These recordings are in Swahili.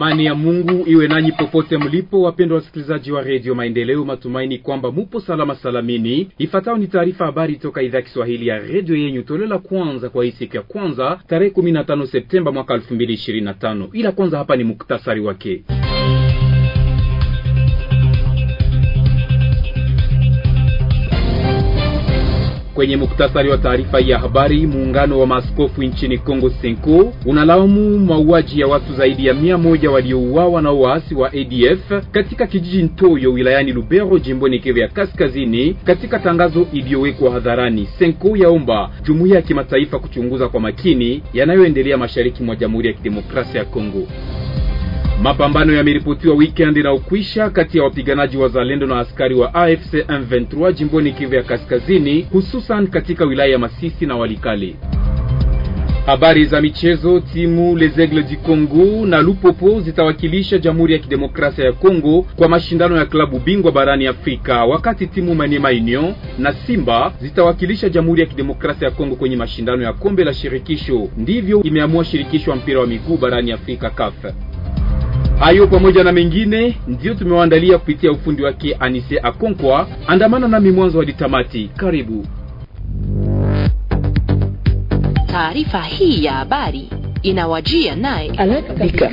Amani ya Mungu iwe nanyi popote mlipo, wapendwa wasikilizaji wa redio Maendeleo, matumaini kwamba mupo salama salamini. Ifuatayo ni taarifa habari toka idhaa Kiswahili ya redio yenyu, tolela kwanza kwa hii siku ya kwanza tarehe 15 Septemba mwaka 2025. Ila kwanza hapa ni muktasari wake. Kwenye muktasari wa taarifa ya habari, muungano wa maaskofu nchini Kongo Senko unalaumu mauaji ya watu zaidi ya mia moja waliouawa na waasi wa ADF katika kijiji Ntoyo wilayani Lubero jimboni Kivu ya Kaskazini. Katika tangazo iliyowekwa hadharani, Senko yaomba jumuiya ya kimataifa kuchunguza kwa makini yanayoendelea mashariki mwa Jamhuri ya Kidemokrasia ya Kongo. Mapambano yameripotiwa weekend na ukwisha kati ya wapiganaji wa Zalendo na askari wa AFC M23 jimboni Kivu ya Kaskazini, hususan katika wilaya ya Masisi na Walikale. Habari za michezo. Timu Les Aigles du Congo na Lupopo zitawakilisha Jamhuri ya Kidemokrasia ya Kongo kwa mashindano ya klabu bingwa barani Afrika, wakati timu Maniema Union na Simba zitawakilisha Jamhuri ya Kidemokrasia ya Kongo kwenye mashindano ya kombe la shirikisho. Ndivyo imeamua shirikisho wa mpira wa miguu barani Afrika, CAF. Hayo pamoja na mengine ndiyo tumewaandalia kupitia ufundi wake Anise Akonkwa. Andamana nami mwanzo hadi tamati, karibu. Taarifa hii ya habari inawajia naye Alika.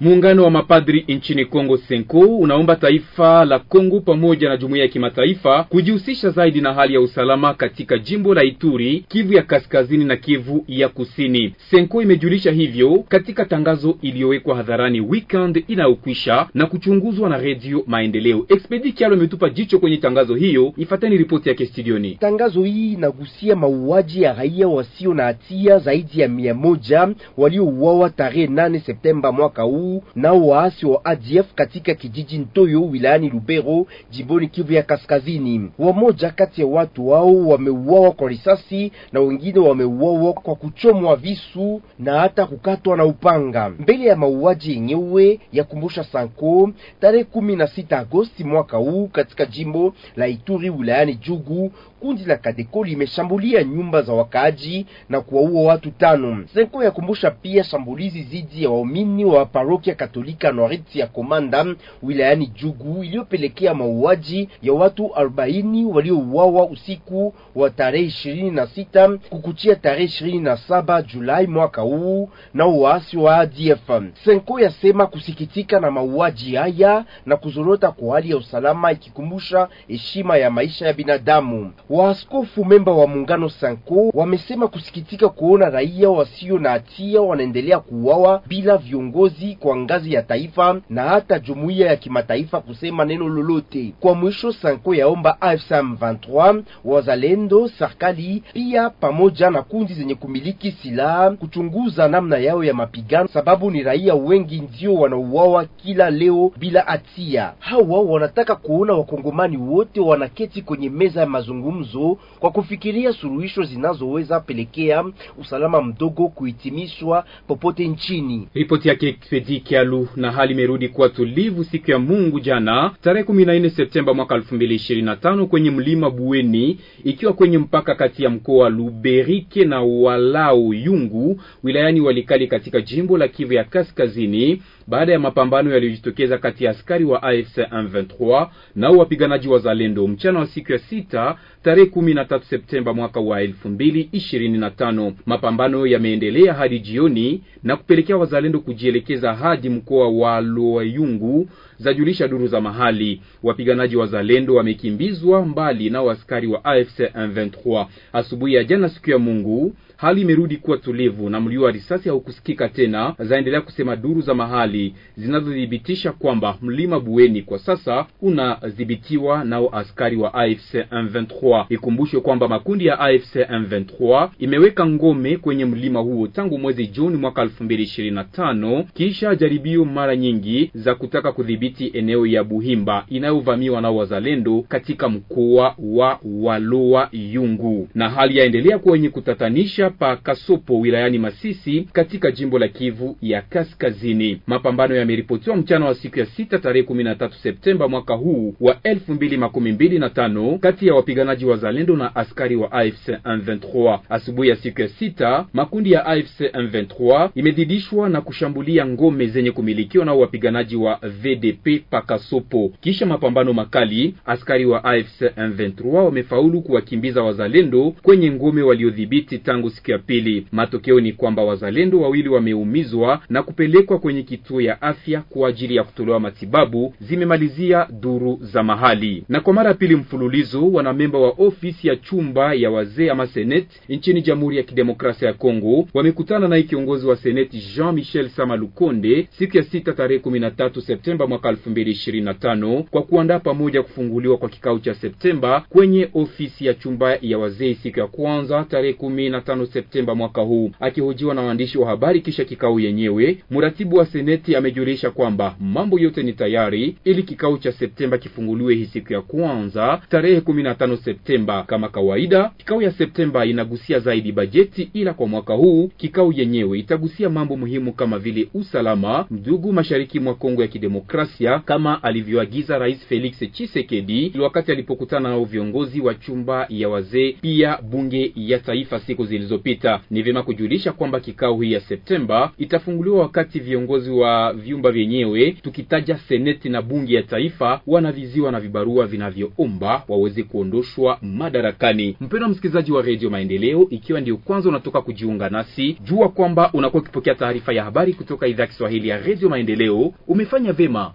Muungano wa mapadri nchini Kongo Senko unaomba taifa la Kongo pamoja na jumuiya ya kimataifa kujihusisha zaidi na hali ya usalama katika jimbo la Ituri, Kivu ya kaskazini na Kivu ya kusini. Senko imejulisha hivyo katika tangazo iliyowekwa hadharani weekend inayokwisha na kuchunguzwa na Redio Maendeleo. Expedi Kialo imetupa jicho kwenye tangazo hiyo, ifateni ripoti yake studioni. Tangazo hii inagusia mauaji ya raia wasio na hatia zaidi ya mia moja waliouawa tarehe 8 Septemba mwaka huu nao waasi wa ADF katika kijiji Ntoyo wilayani Lubero jimboni Kivu ya Kaskazini. Wamoja kati ya watu wao wameuawa kwa risasi na wengine wameuawa kwa kuchomwa visu na hata kukatwa na upanga. Mbele ya mauaji yenyewe ya kumbusha Sanko tarehe 16 Agosti mwaka huu katika jimbo la Ituri wilayani Jugu kundi la Kadeko limeshambulia nyumba za wakaaji na kuwaua watu tano. Senko yakumbusha pia shambulizi dhidi ya waumini wa parokia Katolika noriti ya Komanda wilayani Jugu iliyopelekea mauaji ya watu arobaini waliouawa usiku wa tarehe ishirini na sita kukuchia tarehe ishirini na saba Julai mwaka huu na uwasi wa ADF. Senko yasema kusikitika na mauaji haya na kuzorota kwa hali ya usalama, ikikumbusha heshima ya maisha ya binadamu. Waaskofu memba wa muungano Sanko wamesema kusikitika kuona raia wasio na hatia wanaendelea kuuawa bila viongozi kwa ngazi ya taifa na hata jumuiya ya kimataifa kusema neno lolote. Kwa mwisho, Sanko yaomba AFC M23, wazalendo, serikali pia pamoja na kundi zenye kumiliki silaha kuchunguza namna yao ya mapigano, sababu ni raia wengi ndio wanauawa kila leo bila hatia. Hawa wanataka kuona wakongomani wote wanaketi kwenye meza ya mazungumzo mazungumzo kwa kufikiria suluhisho zinazoweza pelekea usalama mdogo kuhitimishwa popote nchini. Ripoti yake Expedi Kialu. Na hali imerudi kuwa tulivu siku ya Mungu jana tarehe 14 Septemba mwaka 2025 kwenye mlima Bueni, ikiwa kwenye mpaka kati ya mkoa wa Luberike na Walau Yungu wilayani Walikali katika jimbo la Kivu ya Kaskazini baada ya mapambano yaliyojitokeza kati ya askari wa AFC M23 nao wapiganaji wa Zalendo mchana wa siku ya sita tarehe 13 Septemba mwaka wa 2025. Mapambano yameendelea hadi jioni na kupelekea wazalendo kujielekeza hadi mkoa wa Loyungu zajulisha duru za mahali. Wapiganaji wa zalendo wamekimbizwa mbali nao askari wa AFC M23. Asubuhi ya jana siku ya Mungu, hali imerudi kuwa tulivu na mlio wa risasi haukusikika tena, zaendelea kusema duru za mahali zinazothibitisha kwamba mlima Bueni kwa sasa unadhibitiwa nao askari wa AFC M23. Ikumbushwe kwamba makundi ya AFC M23 imeweka ngome kwenye mlima huo tangu mwezi Juni mwaka 2025 kisha jaribio mara nyingi za kutaka kudhibiti kudhibiti eneo ya Buhimba inayovamiwa na wazalendo katika mkoa wa Walua Yungu, na hali yaendelea kuwa yenye kutatanisha pa Kasopo wilayani Masisi katika jimbo la Kivu ya Kaskazini. Mapambano yameripotiwa mchana wa siku ya sita tarehe 13 Septemba mwaka huu wa 2025 kati ya wapiganaji wazalendo na askari wa AFC M23. Asubuhi ya siku ya sita makundi ya AFC M23 imedhidishwa na kushambulia ngome zenye kumilikiwa na wapiganaji wa VDP P Pakasopo. Kisha mapambano makali, askari wa AFC M23 wamefaulu kuwakimbiza wazalendo kwenye ngome waliodhibiti tangu siku ya pili. Matokeo ni kwamba wazalendo wawili wameumizwa na kupelekwa kwenye kituo ya afya kwa ajili ya kutolewa matibabu, zimemalizia duru za mahali. Na kwa mara ya pili mfululizo, wanamemba wa ofisi ya chumba ya wazee ama Senet nchini Jamhuri ya Kidemokrasia ya Kongo wamekutana naye kiongozi wa seneti Jean Michel Sama Lukonde siku ya sita tarehe 13 Septemba mwaka mwaka 2025 kwa kuandaa pamoja kufunguliwa kwa kikao cha Septemba kwenye ofisi ya chumba ya wazee siku ya kwanza tarehe 15 Septemba mwaka huu. Akihojiwa na waandishi wa habari kisha kikao yenyewe, mratibu wa seneti amejulisha kwamba mambo yote ni tayari ili kikao cha Septemba kifunguliwe hii siku ya kwanza tarehe 15 Septemba. Kama kawaida, kikao ya Septemba inagusia zaidi bajeti, ila kwa mwaka huu kikao yenyewe itagusia mambo muhimu kama vile usalama, ndugu mashariki mwa Kongo ya Kidemokrasia ghasia kama alivyoagiza Rais Felix Tshisekedi wakati alipokutana nao viongozi wa chumba ya wazee pia bunge ya taifa siku zilizopita. Ni vyema kujulisha kwamba kikao hii ya Septemba itafunguliwa wakati viongozi wa vyumba vyenyewe tukitaja seneti na bunge ya taifa wanaviziwa na vibarua vinavyoomba waweze kuondoshwa madarakani. Mpendwa msikilizaji wa Redio Maendeleo, ikiwa ndiyo kwanza unatoka kujiunga nasi, jua kwamba unakuwa ukipokea taarifa ya habari kutoka idhaa ya Kiswahili ya Redio Maendeleo. Umefanya vema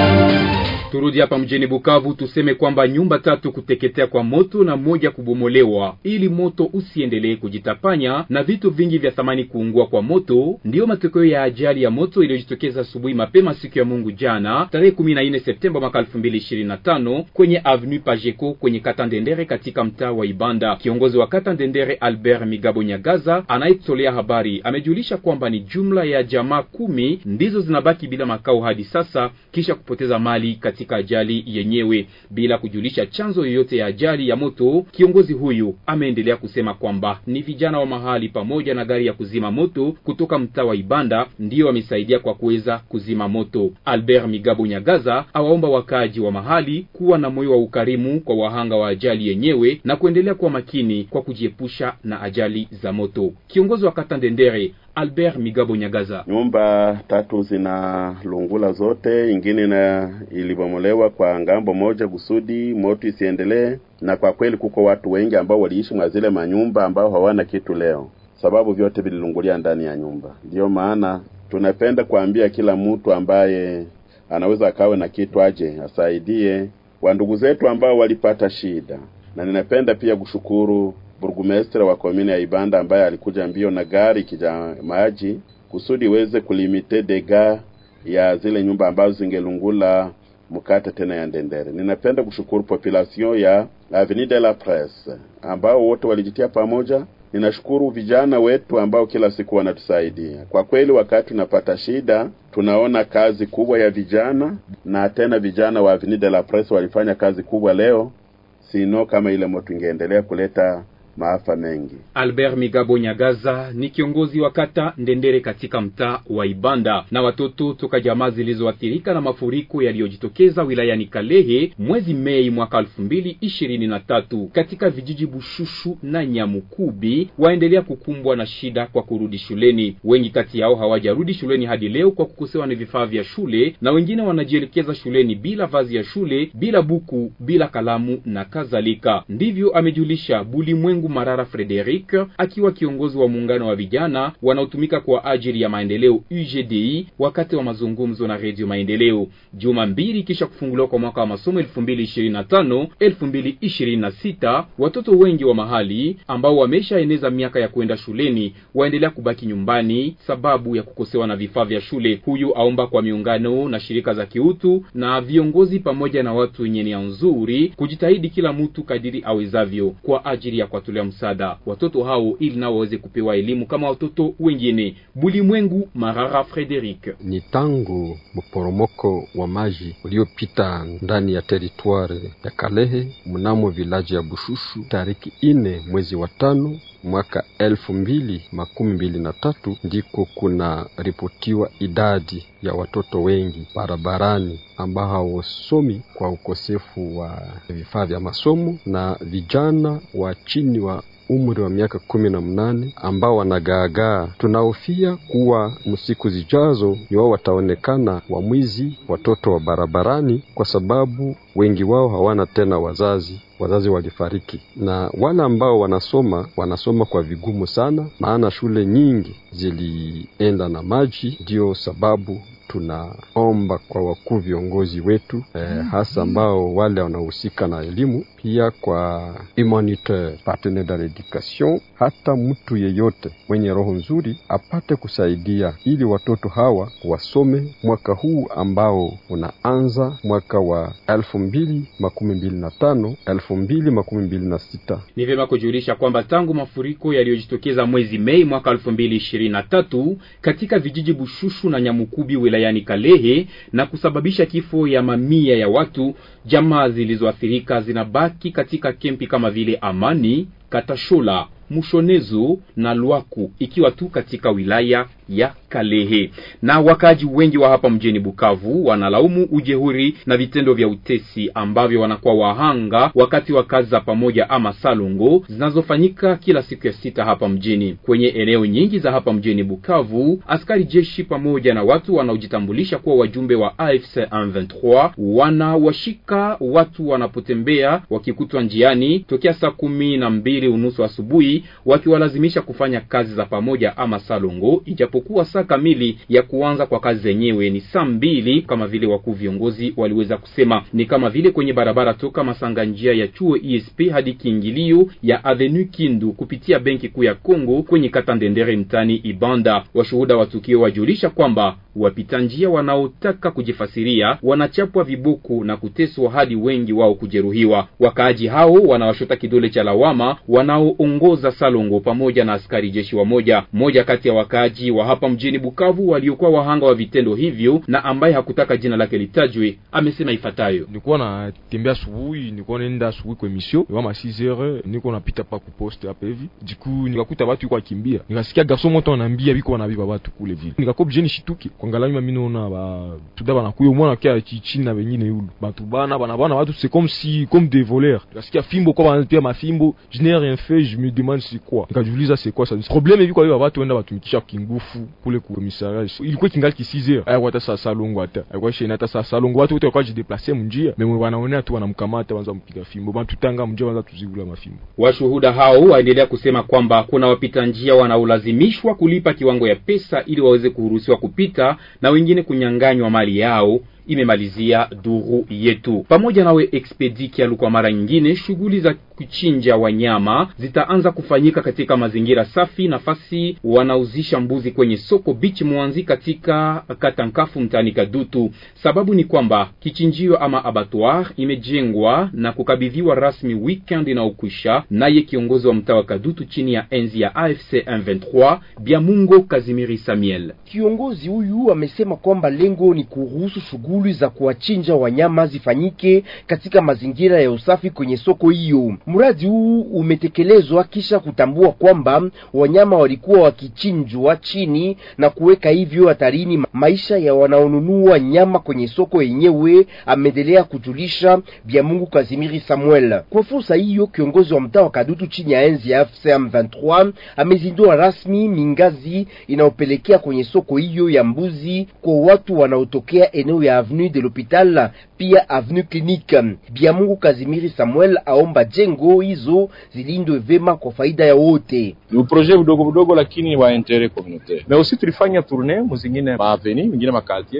Turudi hapa mjini Bukavu, tuseme kwamba nyumba tatu kuteketea kwa moto na moja kubomolewa ili moto usiendelee kujitapanya na vitu vingi vya thamani kuungua kwa moto, ndiyo matokeo ya ajali ya moto iliyojitokeza asubuhi mapema siku ya Mungu jana tarehe 14 Septemba mwaka 2025 kwenye Avenue pajeko kwenye kata Ndendere katika mtaa wa Ibanda. Kiongozi wa kata Ndendere Albert Migabo Nyagaza anayetolea habari amejulisha kwamba ni jumla ya jamaa kumi ndizo zinabaki bila makao hadi sasa kisha kupoteza mali katika katika ajali yenyewe bila kujulisha chanzo yoyote ya ajali ya moto. Kiongozi huyu ameendelea kusema kwamba ni vijana wa mahali pamoja na gari ya kuzima moto kutoka mtaa wa Ibanda ndiyo wamesaidia kwa kuweza kuzima moto. Albert Migabo Nyagaza awaomba wakaaji wa mahali kuwa na moyo wa ukarimu kwa wahanga wa ajali yenyewe na kuendelea kuwa makini kwa kujiepusha na ajali za moto. Kiongozi wa kata Ndendere Albert Migabo Nyagaza. Nyumba tatu zinalungula zote, ingine na ilibomolewa kwa ngambo moja kusudi moto isiendelee, na kwa kweli kuko watu wengi ambao waliishi mwa zile manyumba ambao hawana kitu leo, sababu vyote vililungulia ndani ya nyumba. Ndiyo maana tunapenda kuambia kila mtu ambaye anaweza akawe na kitu aje asaidie wandugu zetu ambao walipata shida, na ninapenda pia kushukuru burgumestre wa komine ya Ibanda ambaye alikuja mbio na gari kija maji kusudi iweze kulimite dega ya zile nyumba ambazo zingelungula mkate tena ya Ndendere. Ninapenda kushukuru population ya Avenue de la Presse ambao wote walijitia pamoja. Ninashukuru vijana wetu ambao kila siku wanatusaidia kwa kweli. Wakati tunapata shida, tunaona kazi kubwa ya vijana, na tena vijana wa Avenue de la Presse walifanya kazi kubwa leo, sino kama ile moto ingeendelea kuleta maafa mengi. Albert Migabo Nyagaza ni kiongozi wa kata Ndendere katika mtaa wa Ibanda na watoto toka jamaa zilizoathirika na mafuriko yaliyojitokeza wilayani Kalehe mwezi Mei mwaka elfu mbili ishirini na tatu katika vijiji Bushushu na Nyamukubi waendelea kukumbwa na shida kwa kurudi shuleni. Wengi kati yao hawajarudi shuleni hadi leo kwa kukosewa na vifaa vya shule, na wengine wanajielekeza shuleni bila vazi ya shule, bila buku, bila kalamu na kadhalika. Ndivyo amejulisha Bulimwengu Mungu Marara Frederic akiwa kiongozi wa muungano wa vijana wanaotumika kwa ajili ya maendeleo UGDI, wakati wa mazungumzo na Redio Maendeleo juma mbili kisha kufunguliwa kwa mwaka wa masomo 2025 2026. Watoto wengi wa mahali ambao wameshaeneza miaka ya kwenda shuleni waendelea kubaki nyumbani sababu ya kukosewa na vifaa vya shule. Huyu aomba kwa miungano na shirika za kiutu na viongozi pamoja na watu wenye nia nzuri kujitahidi kila mtu kadiri awezavyo kwa ajili ya kwa kuwatolea msaada watoto hao ili nao waweze kupewa elimu kama watoto wengine. Bulimwengu Marara Frederic. Ni tangu mporomoko wa maji uliopita ndani ya teritwari ya Kalehe mnamo vilaji ya Bushushu tariki ine mwezi wa tano mwaka elfu mbili makumi mbili na tatu ndiko kuna ripotiwa idadi ya watoto wengi barabarani ambao hawasomi kwa ukosefu wa vifaa vya masomo na vijana wa chini wa umri wa miaka kumi na mnane ambao wanagaagaa. Tunahofia kuwa msiku zijazo ni wao wataonekana wamwizi, watoto wa barabarani, kwa sababu wengi wao hawana tena wazazi wazazi walifariki, na wale ambao wanasoma wanasoma kwa vigumu sana, maana shule nyingi zilienda na maji. ndio sababu tunaomba kwa wakuu viongozi wetu eh, mm-hmm. hasa ambao wale wanahusika na elimu, pia kwa humaniteur partenaire dans l'education, hata mtu yeyote mwenye roho nzuri apate kusaidia ili watoto hawa wasome mwaka huu ambao unaanza mwaka wa elfu mbili makumi mbili na tano elfu mbili makumi mbili na sita. Ni vyema kujulisha kwamba tangu mafuriko yaliyojitokeza mwezi Mei mwaka elfu mbili ishirini na tatu katika vijiji Bushushu na Nyamukubi wilaya wilayani Kalehe na kusababisha kifo ya mamia ya watu. Jamaa zilizoathirika zinabaki katika kempi kama vile Amani, Katashola, Mushonezo na Lwaku, ikiwa tu katika wilaya ya Kalehe. Na wakaji wengi wa hapa mjini Bukavu wanalaumu ujehuri na vitendo vya utesi ambavyo wanakuwa wahanga wakati wa kazi za pamoja ama salongo zinazofanyika kila siku ya sita hapa mjini. Kwenye eneo nyingi za hapa mjini Bukavu, askari jeshi pamoja na watu wanaojitambulisha kuwa wajumbe wa AFC M23 wanawashika watu wanapotembea wakikutwa njiani tokea saa kumi na mbili mbili unusu asubuhi wakiwalazimisha kufanya kazi za pamoja ama salongo, ijapokuwa saa kamili ya kuanza kwa kazi zenyewe ni saa mbili, kama vile wakuu viongozi waliweza kusema. Ni kama vile kwenye barabara toka Masanga njia ya chuo esp hadi kiingilio ya avenu Kindu kupitia benki kuu ya Kongo kwenye kata Ndendere mtani Ibanda. Washuhuda wa tukio wajulisha kwamba wapita njia wanaotaka kujifasiria wanachapwa vibuku na kuteswa hadi wengi wao kujeruhiwa. Wakaaji hao wanawashota kidole cha lawama wanaoongoza Salongo pamoja na askari jeshi wa moja moja kati ya wakaaji wa hapa mjini Bukavu waliokuwa wahanga wa vitendo hivyo na ambaye hakutaka jina lake litajwe amesema ifuatayo: nilikuwa natembea asubuhi, nilikuwa naenda asubuhi kwa ni kama 6h, niko napita pa ku poste hapa hivi jiku, nikakuta watu yuko akimbia, nikasikia garso moto ananiambia biko biba watu kule vile, nikakop jeni shituki kwangalani mimi naona ba tuda kuyo mwana kia chichini na wengine yulu batu bana bana bana watu c'est comme si comme des voleurs, nikasikia fimbo kwa banapia mafimbo jine rien fait, je me demande c'est quoi. ça, ah, c'est quoi ça. Problem hivi kwa hiyo watu wenda watumikisha kingufu kule ku komisaria. Ilikuwa kingali kisize. Ah, Aya wata saa salongo hata. Alikuwa shena hata saa salongo watu wote wakaji deplacer mjia. Mimi wanaonea tu wanamkamata wanza mpiga fimbo. Bana tutanga mjia wanza tuzigula mafimbo. Washuhuda hao waendelea kusema kwamba kuna wapita njia wanaolazimishwa kulipa kiwango ya pesa ili waweze kuruhusiwa kupita na wengine kunyang'anywa mali yao. Imemalizia duru yetu pamoja nawe Expedi Kialu. Kwa mara nyingine shughuli za kuchinja wanyama zitaanza kufanyika katika mazingira safi. Nafasi wanauzisha mbuzi kwenye soko bich Mwanzi katika kata Nkafu mtaani Kadutu. Sababu ni kwamba kichinjio ama abattoir imejengwa na kukabidhiwa rasmi weekend inaokwisha. Naye kiongozi wa mtaa wa Kadutu chini ya enzi ya AFC M23 Biamungo Kazimiri Samuel, kiongozi huyu amesema kwamba lengo ni kuruhusu shughuli za kuwachinja wanyama zifanyike katika mazingira ya usafi kwenye soko hiyo. Mradi huu umetekelezwa kisha kutambua kwamba wanyama walikuwa wakichinjwa chini na kuweka hivyo hatarini maisha ya wanaonunua nyama kwenye soko yenyewe, ameendelea kujulisha vya Mungu Kazimiri Samuel. Kwa fursa hiyo, kiongozi wa mtaa wa Kadutu chini ya enzi ya FCM 23 amezindua rasmi mingazi inayopelekea kwenye soko hiyo ya mbuzi kwa watu wanaotokea eneo ya Avenue de l'Hopital pia Avenue Clinique. Bya Mungu Kazimiri Samuel aomba jengo Kongo hizo zilindwe vema kwa faida ya wote. Ni projet mdogo mdogo, lakini wa intere communautaire. Na aussi tulifanya tourne muzingine ma avenue mingine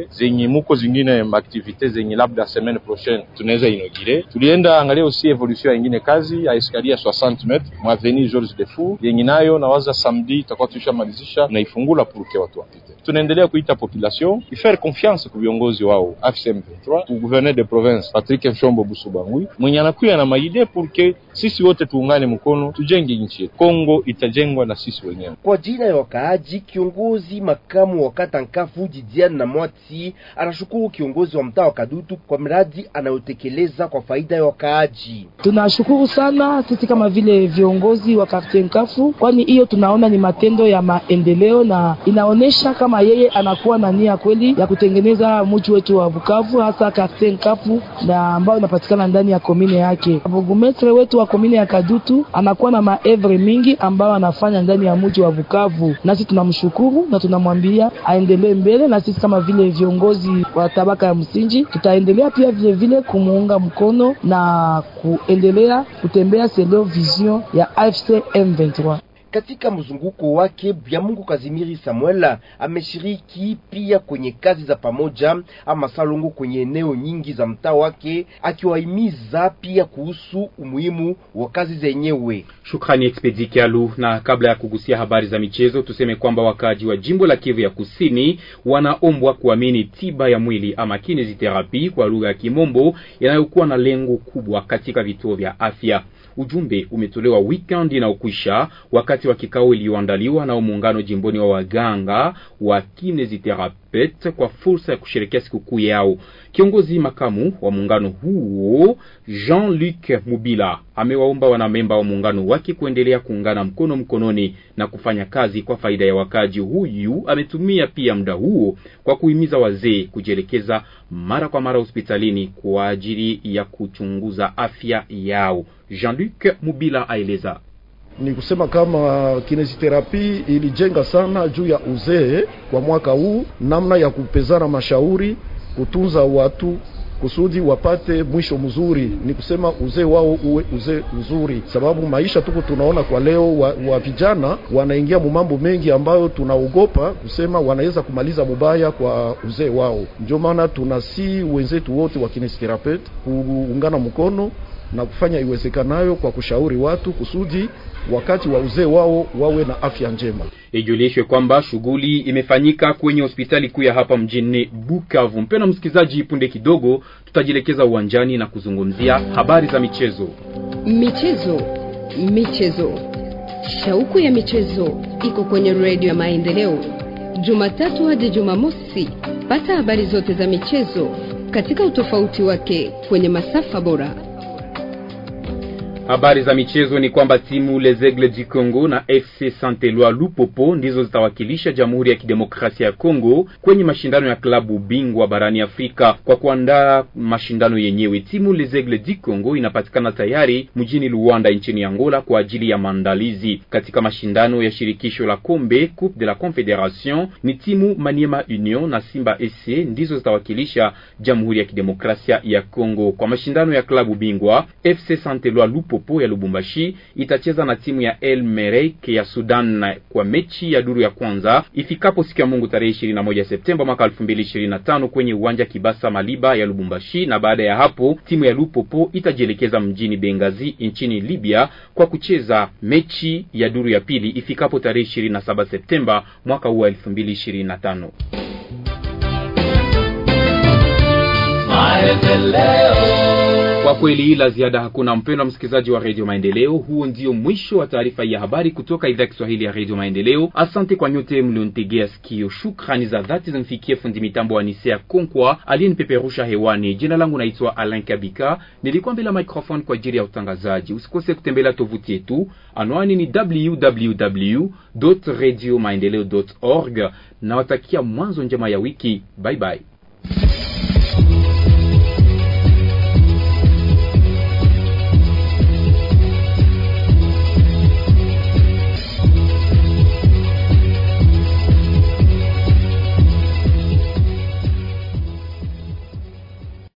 zenye muko zingine ma zenye labda semaine prochaine tunaweza inogire Tulienda angalia aussi evolution ya ingine kazi ya escalier 60 m ma avenue Georges Defour yenye nayo nawaza samedi itakuwa tushamalizisha na ifungula pour watu wapite. Tunaendelea kuita population ifaire confiance kwa viongozi wao AFC M23, ku gouverneur de province Patrick Mshombo Busubangui mwenye anakuya na maide pour sisi wote tuungane mkono, tujenge nchi yetu. Kongo itajengwa na sisi wenyewe. Kwa jina ya wakaaji, kiongozi makamu wa kata Nkafu Jidian na Mwati anashukuru kiongozi wa mtaa wa Kadutu kwa mradi anayotekeleza kwa faida ya wakaaji. Tunashukuru sana sisi kama vile viongozi wa kartie Nkafu, kwani hiyo tunaona ni matendo ya maendeleo na inaonyesha kama yeye anakuwa na nia kweli ya kutengeneza mji wetu wa Bukavu, hasa kartie Nkafu na ambayo inapatikana ndani ya komine yake. Bugumetre wetu wa komini ya Kadutu anakuwa na maevre mingi ambayo anafanya ndani ya mji wa Bukavu, nasi tunamshukuru na tunamwambia aendelee mbele, na sisi kama vile viongozi wa tabaka ya msingi tutaendelea pia vile vile kumuunga mkono na kuendelea kutembea selo vision ya AFC M23. Katika mzunguko wake Mungu Kazimiri Samuela ameshiriki pia kwenye kazi za pamoja ama salongo kwenye eneo nyingi za mtaa wake, akiwahimiza pia kuhusu umuhimu wa kazi zenyewe. Shukrani Expedi Kialu. Na kabla ya kugusia habari za michezo, tuseme kwamba wakaaji wa jimbo la Kivu ya Kusini wanaombwa kuamini tiba ya mwili ama kineziterapi kwa lugha ya Kimombo inayokuwa na lengo kubwa katika vituo vya afya. Ujumbe umetolewa weekend ukwisha wakati wa kikao iliyoandaliwa na muungano jimboni wa waganga wa kinesitherapete kwa fursa ya kusherekea sikukuu yao. Kiongozi makamu wa muungano huo Jean-Luc Mubila amewaomba wanamemba wa muungano wake kuendelea kuungana mkono mkononi na kufanya kazi kwa faida ya wakaji. Huyu ametumia pia muda huo kwa kuhimiza wazee kujielekeza mara kwa mara hospitalini kwa ajili ya kuchunguza afya yao. Jean-Luc Mubila aeleza ni kusema kama kinesiterapi ilijenga sana juu ya uzee kwa mwaka huu, namna ya kupezana mashauri, kutunza watu kusudi wapate mwisho mzuri, ni kusema uzee wao uwe uzee mzuri, sababu maisha tuko tunaona kwa leo wa, wa vijana wanaingia mumambo mengi ambayo tunaogopa kusema wanaweza kumaliza mubaya kwa uzee wao. Ndio maana tunasi wenzetu wote wa kinesikerapet kuungana mkono na kufanya iwezekanayo kwa kushauri watu kusudi wakati wa uzee wao wawe na afya njema. Ijulishwe kwamba shughuli imefanyika kwenye hospitali kuu ya hapa mjini Bukavu. Mpendwa msikilizaji, punde kidogo tutajielekeza uwanjani na kuzungumzia habari za michezo. Michezo, michezo, shauku ya michezo iko kwenye redio ya Maendeleo, Jumatatu hadi Jumamosi. Pata habari zote za michezo katika utofauti wake kwenye masafa bora Habari za michezo ni kwamba timu Les Aigles du Congo na FC Saint Eloi Lupopo ndizo zitawakilisha Jamhuri ya Kidemokrasia ya congo kwenye mashindano ya klabu bingwa barani Afrika. Kwa kuandaa mashindano yenyewe, timu Les Aigles du Congo inapatikana tayari mjini Luanda nchini Angola kwa ajili ya maandalizi katika mashindano ya shirikisho la kombe Coupe de la Confederation. Ni timu Maniema Union na Simba SC ndizo zitawakilisha Jamhuri ya Kidemokrasia ya congo kwa mashindano ya klabu bingwa. FC Saint Eloi Lupopo Kopo ya Lubumbashi itacheza na timu ya El Merek ya Sudan kwa mechi ya duru ya kwanza ifikapo siku ya Mungu tarehe 21 Septemba mwaka 2025 kwenye uwanja Kibasa Maliba ya Lubumbashi, na baada ya hapo timu ya Lupopo itajielekeza mjini bengazi nchini Libya kwa kucheza mechi ya duru ya pili ifikapo tarehe 27 Septemba mwaka huu wa 2025. Maendeleo kwa kweli ila ziada hakuna, wa msikilizaji wa redio Maendeleo. Huo ndio mwisho wa taarifa ya habari kutoka idhaa Kiswahili ya redio Maendeleo. Asante kwa nyote mliontegea sikio. Shukrani za dhati zimfikie fundi mitambo wa Nisea Konkwa aliyenipeperusha hewani. Jina langu naitwa alan Kabika, nilikuwa mbele ya microphone kwa ajili ya utangazaji. Usikose kutembelea tovuti yetu, anwani ni www radio maendeleo org. Nawatakia mwanzo njema ya wiki. Bye bye.